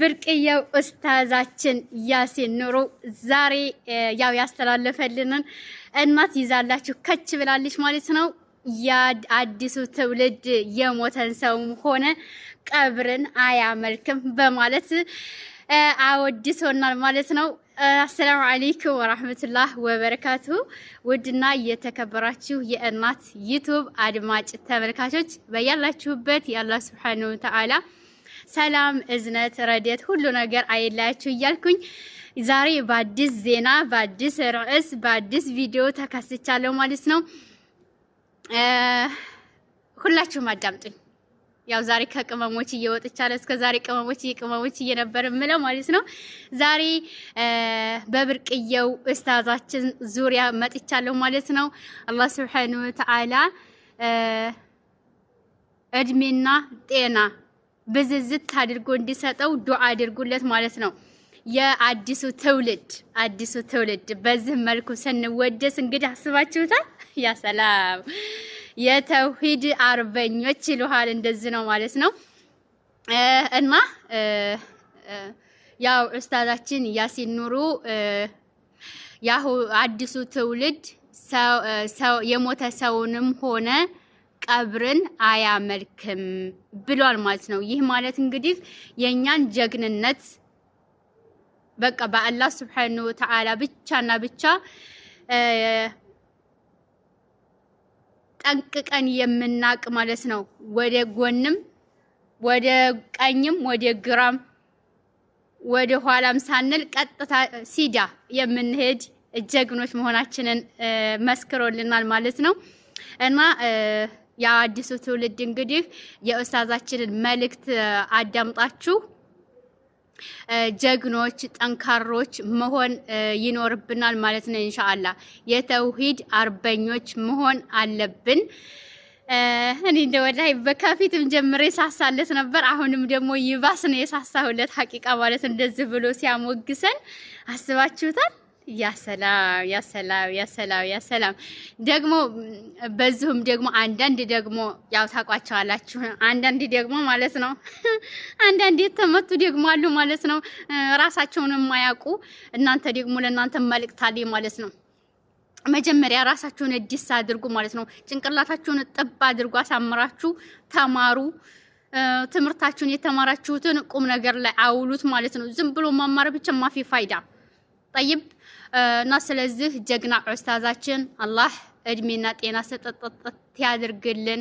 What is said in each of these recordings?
ብርቅየው ኡስታዛችን ያሲን ኑሩ ዛሬ ያው ያስተላለፈልንን እናት ይዛላችሁ ከች ብላለች ማለት ነው። የአዲሱ ትውልድ የሞተን ሰውም ሆነ ቀብርን አያመልክም በማለት አወድሶናል ማለት ነው። አሰላሙ አለይኩም ወራህመቱላህ ወበረካቱ። ውድና የተከበራችሁ የእናት ዩቱብ አድማጭ ተመልካቾች በያላችሁበት የአላህ ሱብሓነሁ ወተዓላ ሰላም፣ እዝነት፣ ረዴት ሁሉ ነገር አይለያችሁ እያልኩኝ ዛሬ በአዲስ ዜና በአዲስ ርዕስ በአዲስ ቪዲዮ ተከስቻለሁ ማለት ነው። ሁላችሁም አዳምጡኝ። ያው ዛሬ ከቅመሞች እየወጥቻለሁ። እስከ ዛሬ ቅመሞች ቅመሞች እየነበር ምለው ማለት ነው። ዛሬ በብርቅየው እስታዛችን ዙሪያ መጥቻለሁ ማለት ነው። አላህ ሱብሓነሁ ወተዓላ እድሜና ጤና ብዝዝት አድርጎ እንዲሰጠው ዱዓ አድርጉለት ማለት ነው። የአዲሱ ትውልድ አዲሱ ትውልድ በዚህ መልኩ ስንወደስ እንግዲህ አስባችሁታል። ያ ሰላም የተውሂድ አርበኞች ይሉሃል እንደዚህ ነው ማለት ነው። እና ያው ኡስታዛችን ያሲን ኑሩ ያሁ አዲሱ ትውልድ የሞተ ሰውንም ሆነ ቀብርን አያመልክም ብሏል ማለት ነው። ይህ ማለት እንግዲህ የእኛን ጀግንነት በቃ በአላህ ስብሓነሁ ወተዓላ ብቻና ብቻ ጠንቅቀን የምናቅ ማለት ነው። ወደ ጎንም ወደ ቀኝም ወደ ግራም ወደ ኋላም ሳንል ቀጥታ ሲዳ የምንሄድ ጀግኖች መሆናችንን መስክሮልናል ማለት ነው እና የአዲሱ ትውልድ እንግዲህ የኡስታዛችንን መልእክት አዳምጣችሁ ጀግኖች ጠንካሮች መሆን ይኖርብናል ማለት ነው። እንሻአላ የተውሂድ አርበኞች መሆን አለብን። እኔ እንደ ወላሂ በከፊትም ጀምሬ ሳሳለት ነበር። አሁንም ደግሞ ይባስ ነው የሳሳሁለት ሀቂቃ ማለት እንደዚህ ብሎ ሲያሞግሰን አስባችሁታል። ያሰላም ያሰላም ያሰላም ያሰላም። ደግሞ በዚሁም ደግሞ አንዳንድ ደግሞ ያው ታውቋቸዋላችሁ። አንዳንድ ደግሞ ማለት ነው አንዳንድ የተመቱ ደግሞ አሉ ማለት ነው፣ ራሳቸውን የማያውቁ እናንተ ደግሞ ለእናንተ መልእክታለኝ ማለት ነው። መጀመሪያ ራሳችሁን እድስ አድርጉ ማለት ነው። ጭንቅላታችሁን ጥብ አድርጉ፣ አሳምራችሁ ተማሩ። ትምህርታችሁን የተማራችሁትን ቁም ነገር ላይ አውሉት ማለት ነው። ዝም ብሎ መማር ብቻ ማፊ ፋይዳ ጠይብ እና ስለዚህ ጀግና ኡስታዛችን አላህ እድሜና ጤና ሰጠጠጠት ያድርግልን።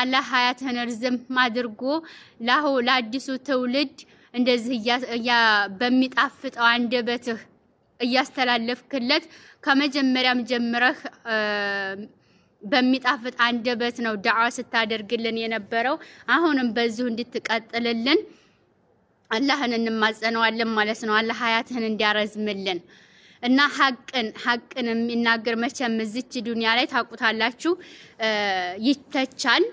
አላህ ሀያትን ርዝም አድርጎ ላሁ ለአዲሱ ትውልድ እንደዚህ በሚጣፍጠው አንደበትህ እያስተላለፍክለት ከመጀመሪያም ጀምረህ በሚጣፍጥ አንደበት ነው ዳዋ ስታደርግልን የነበረው። አሁንም በዚሁ እንድትቀጥልልን አላህን እንማጸነዋለን ማለት ነው። አላህ ሀያትህን እንዲያረዝምልን እና ሀቅን ሀቅን የሚናገር መቼም እዚች ዱኒያ ላይ ታውቁታላችሁ፣ ይተቻል።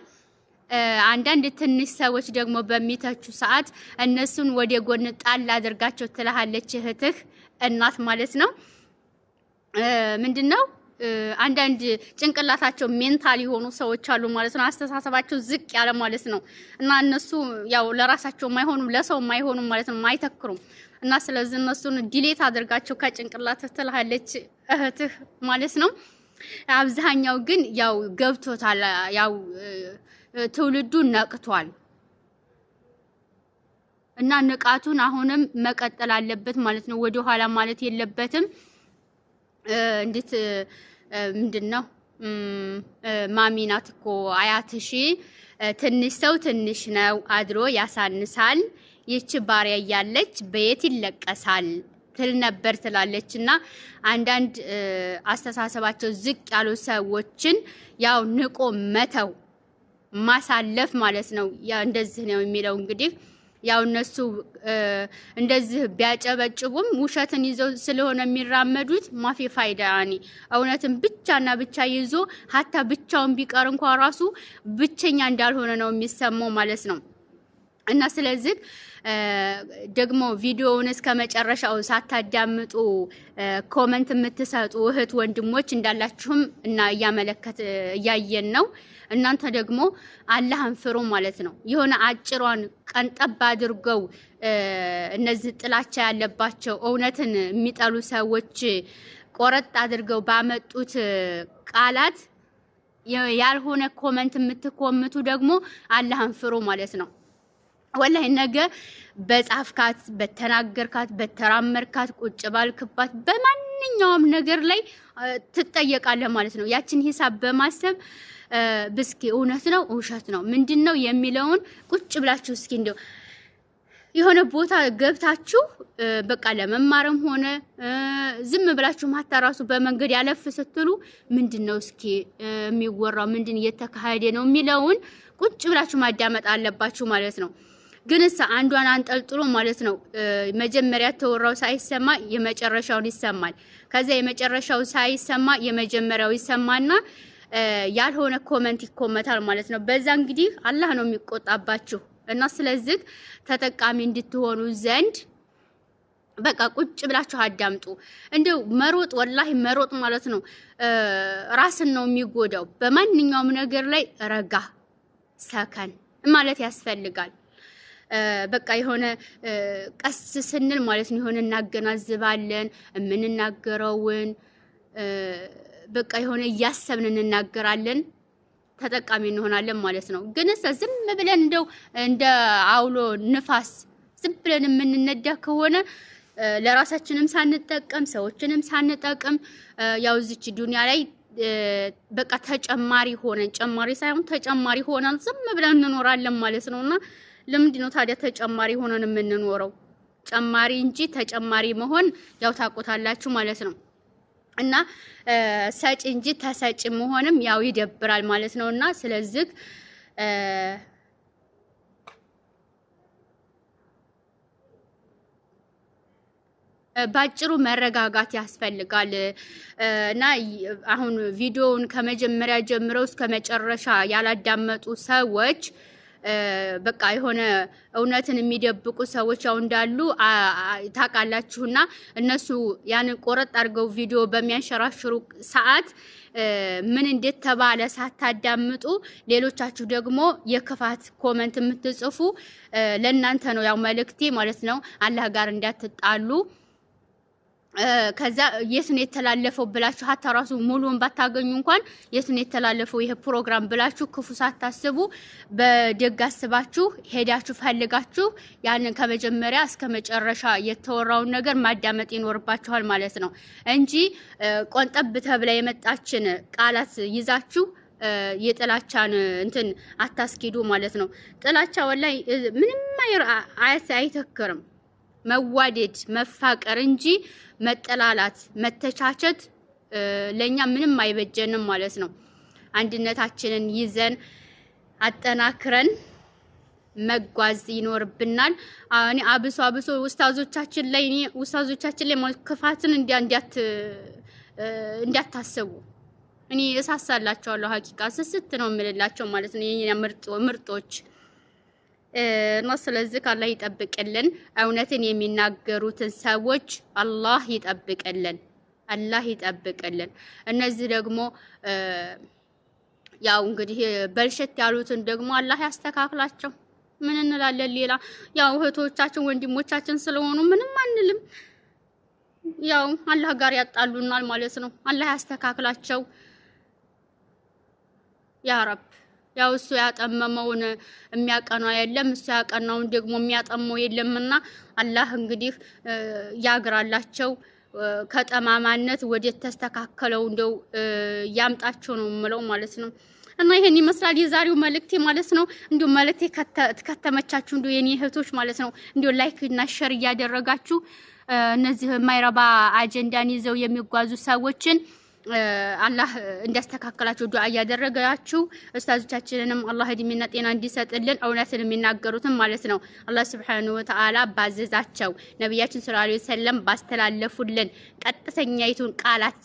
አንዳንድ ትንሽ ሰዎች ደግሞ በሚተቹ ሰዓት እነሱን ወደ ጎን ጣል አድርጋቸው ትልሃለች እህትህ እናት ማለት ነው። ምንድን ነው አንዳንድ ጭንቅላታቸው ሜንታል የሆኑ ሰዎች አሉ ማለት ነው። አስተሳሰባቸው ዝቅ ያለ ማለት ነው። እና እነሱ ያው ለራሳቸው ማይሆኑም ለሰው ማይሆኑም ማለት ነው። አይተክሩም እና ስለዚህ እነሱን ዲሌት አድርጋቸው ከጭንቅላት ትላለች እህትህ ማለት ነው። አብዛኛው ግን ያው ገብቶታል፣ ያው ትውልዱ ነቅቷል እና ንቃቱን አሁንም መቀጠል አለበት ማለት ነው። ወደ ኋላ ማለት የለበትም። እንዴት ምንድን ነው ማሚናት እኮ አያትሺ ትንሽ ሰው ትንሽ ነው አድሮ ያሳንሳል ይች ባሪያ እያለች በየት ይለቀሳል ትል ነበር ትላለች። እና አንዳንድ አስተሳሰባቸው ዝቅ ያሉ ሰዎችን ያው ንቆ መተው ማሳለፍ ማለት ነው። እንደዚህ ነው የሚለው እንግዲህ ያው እነሱ እንደዚህ ቢያጨበጭቡም ውሸትን ይዘው ስለሆነ የሚራመዱት ማፊ ፋይዳ ያኔ እውነትን ብቻና ብቻ ይዞ ሀታ ብቻውን ቢቀር እንኳ ራሱ ብቸኛ እንዳልሆነ ነው የሚሰማው ማለት ነው። እና ስለዚህ ደግሞ ቪዲዮውን እስከ መጨረሻው ሳታዳምጡ ኮመንት የምትሰጡ እህት ወንድሞች እንዳላችሁም እና እያመለከት እያየን ነው። እናንተ ደግሞ አላህን ፍሩ ማለት ነው። የሆነ አጭሯን ቀንጠብ አድርገው እነዚህ ጥላቻ ያለባቸው እውነትን የሚጠሉ ሰዎች ቆረጥ አድርገው ባመጡት ቃላት ያልሆነ ኮመንት የምትኮምቱ ደግሞ አላህን ፍሩ ማለት ነው። ወላይ ነገ በጻፍካት በተናገርካት በተራመርካት ቁጭ ባልክባት በማንኛውም ነገር ላይ ትጠየቃለህ ማለት ነው። ያችን ሂሳብ በማሰብ ብስኪ እውነት ነው ውሸት ነው ምንድን ነው የሚለውን ቁጭ ብላችሁ እስኪ እንዲያው የሆነ ቦታ ገብታችሁ በቃ ለመማርም ሆነ ዝም ብላችሁ ማታ ራሱ በመንገድ ያለፍ ስትሉ ምንድን ነው እስኪ የሚወራው ምንድን እየተካሄደ ነው የሚለውን ቁጭ ብላችሁ ማዳመጥ አለባችሁ ማለት ነው። እሳ አንዷን አንጠልጥሎ ማለት ነው መጀመሪያ ተወራው ሳይሰማ የመጨረሻውን ይሰማል። ከዛ የመጨረሻው ሳይሰማ የመጀመሪያው ይሰማና ያልሆነ ኮመንት ይኮመታል ማለት ነው። በዛ እንግዲህ አላህ ነው የሚቆጣባችሁ እና ስለዚህ ተጠቃሚ እንድትሆኑ ዘንድ በቃ ቁጭ ብላችሁ አዳምጡ። እንደው መሮጥ ወላሂ መሮጥ ማለት ነው ራስን ነው የሚጎዳው። በማንኛውም ነገር ላይ ረጋ ሰከን ማለት ያስፈልጋል። በቃ የሆነ ቀስ ስንል ማለት ነው የሆነ እናገናዝባለን የምንናገረውን በቃ የሆነ እያሰብን እንናገራለን ተጠቃሚ እንሆናለን ማለት ነው። ግን ዝም ብለን እንደው እንደ አውሎ ንፋስ ዝም ብለን የምንነዳ ከሆነ ለራሳችንም ሳንጠቅም ሰዎችንም ሳንጠቅም ያው እዚች ዱንያ ላይ በቃ ተጨማሪ ሆነን ጨማሪ ሳይሆን ተጨማሪ ሆነን ዝም ብለን እንኖራለን ማለት ነውና ለምንድን ነው ታዲያ ተጨማሪ ሆነን የምንኖረው? ጨማሪ እንጂ ተጨማሪ መሆን ያው ታውቁታላችሁ ማለት ነው። እና ሰጪ እንጂ ተሰጪ መሆንም ያው ይደብራል ማለት ነው። እና ስለዚህ ባጭሩ መረጋጋት ያስፈልጋል እና አሁን ቪዲዮውን ከመጀመሪያ ጀምረው እስከ መጨረሻ ያላዳመጡ ሰዎች በቃ የሆነ እውነትን የሚደብቁ ሰዎች ያው እንዳሉ ታውቃላችሁና እነሱ ያንን ቆረጥ አድርገው ቪዲዮ በሚያንሸራሽሩ ሰዓት ምን እንዴት ተባለ ሳታዳምጡ፣ ሌሎቻችሁ ደግሞ የክፋት ኮመንት የምትጽፉ ለእናንተ ነው ያው መልእክቴ ማለት ነው። አላህ ጋር እንዳትጣሉ ከዛ የት ነው የተላለፈው ብላችሁ ሀታ ራሱ ሙሉን ባታገኙ እንኳን የት ነው የተላለፈው ይሄ ፕሮግራም ብላችሁ ክፉ ሳታስቡ በደግ አስባችሁ ሄዳችሁ ፈልጋችሁ ያንን ከመጀመሪያ እስከ መጨረሻ የተወራውን ነገር ማዳመጥ ይኖርባችኋል ማለት ነው እንጂ ቆንጠብ ተብላ የመጣችን ቃላት ይዛችሁ የጥላቻን እንትን አታስኪዱ ማለት ነው። ጥላቻ ወላሂ ምንም አይተክርም። መዋደድ፣ መፋቀር እንጂ መጠላላት፣ መተቻቸት ለኛ ምንም አይበጀንም ማለት ነው። አንድነታችንን ይዘን አጠናክረን መጓዝ ይኖርብናል። እኔ አብሶ አብሶ ውስታዞቻችን ላይ እኔ ውስታዞቻችን ላይ ክፋትን እንዲያታሰቡ እኔ እሳሳላቸዋለሁ። ሀቂቃ ስስት ነው የምልላቸው ማለት ነው። ምርጦች እና ስለዚህ አላህ ይጠብቅልን። እውነትን የሚናገሩትን ሰዎች አላህ ይጠብቅልን፣ አላህ ይጠብቅልን። እነዚህ ደግሞ ያው እንግዲህ በልሸት ያሉትን ደግሞ አላህ ያስተካክላቸው። ምን እንላለን? ሌላ ያው እህቶቻችን ወንድሞቻችን ስለሆኑ ምንም አንልም። ያው አላህ ጋር ያጣሉናል ማለት ነው። አላህ ያስተካክላቸው ያ ረብ ያው እሱ ያጠመመውን የሚያቀናው የለም፣ እሱ ያቀናውን ደግሞ የሚያጠመው የለምና አላህ እንግዲህ ያግራላቸው ከጠማማነት ወደ ተስተካከለው እንደው ያምጣቸው ነው የምለው ማለት ነው። እና ይሄን ይመስላል የዛሬው መልእክቴ ማለት ነው። እንዲሁ መልእክቴ ከተመቻችሁ እንዲሁ የኔ እህቶች ማለት ነው እንዲሁ ላይክ እና ሸር እያደረጋችሁ እነዚህ የማይረባ አጀንዳን ይዘው የሚጓዙ ሰዎችን አላህ እንዲያስተካከላቸው ዱዓ እያደረጋችሁ ኡስታዞቻችንንም አላህ እድሜና ጤና እንዲሰጥልን እውነትን የሚናገሩትም ማለት ነው። አላህ ሱብሓነሁ ወተዓላ ባዘዛቸው ነቢያችን ሰለላሁ ዐለይሂ ወሰለም ባስተላለፉልን ቀጥተኛይቱን ቃላት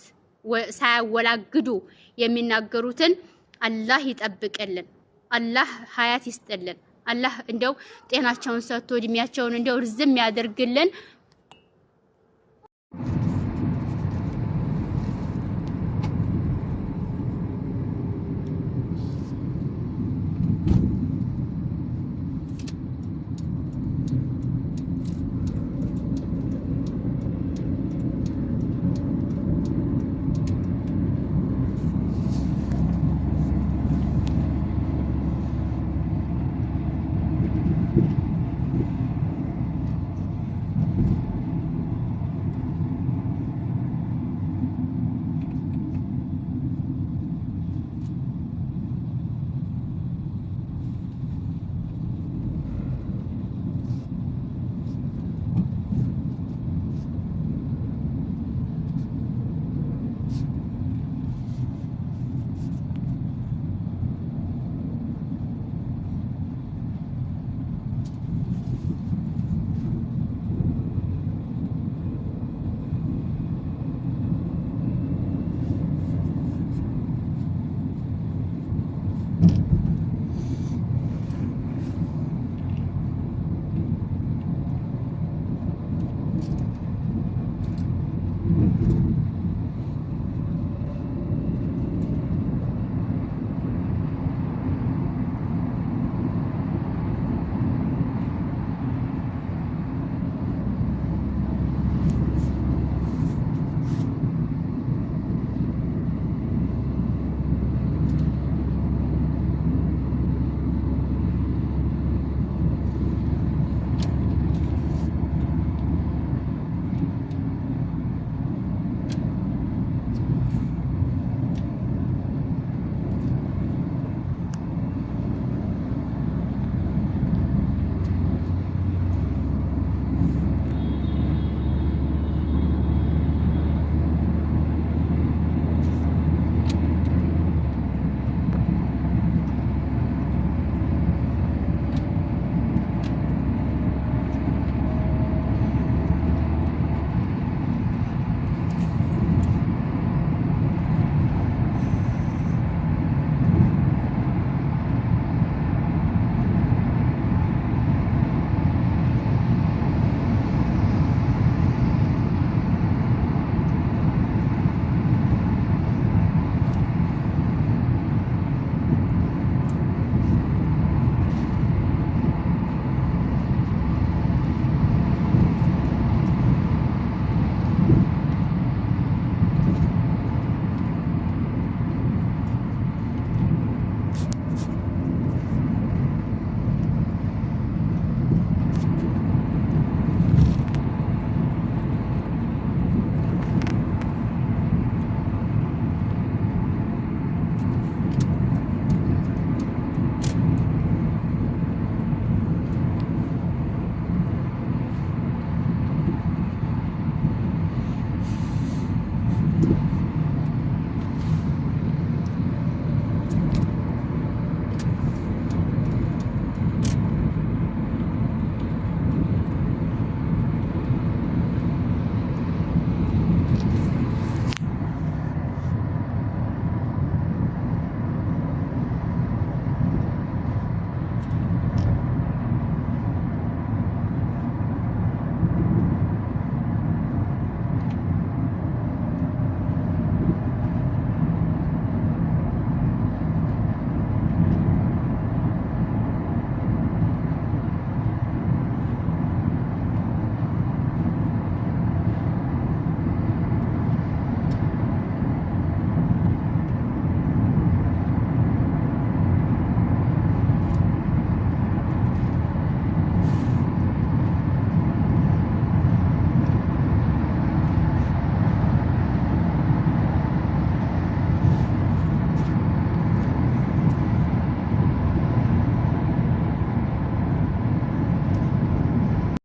ሳያወላግዱ የሚናገሩትን አላህ ይጠብቅልን። አላህ ሀያት ይስጥልን። አላህ እንደው ጤናቸውን ሰጥቶ እድሜያቸውን እንደው ርዝም ያደርግልን።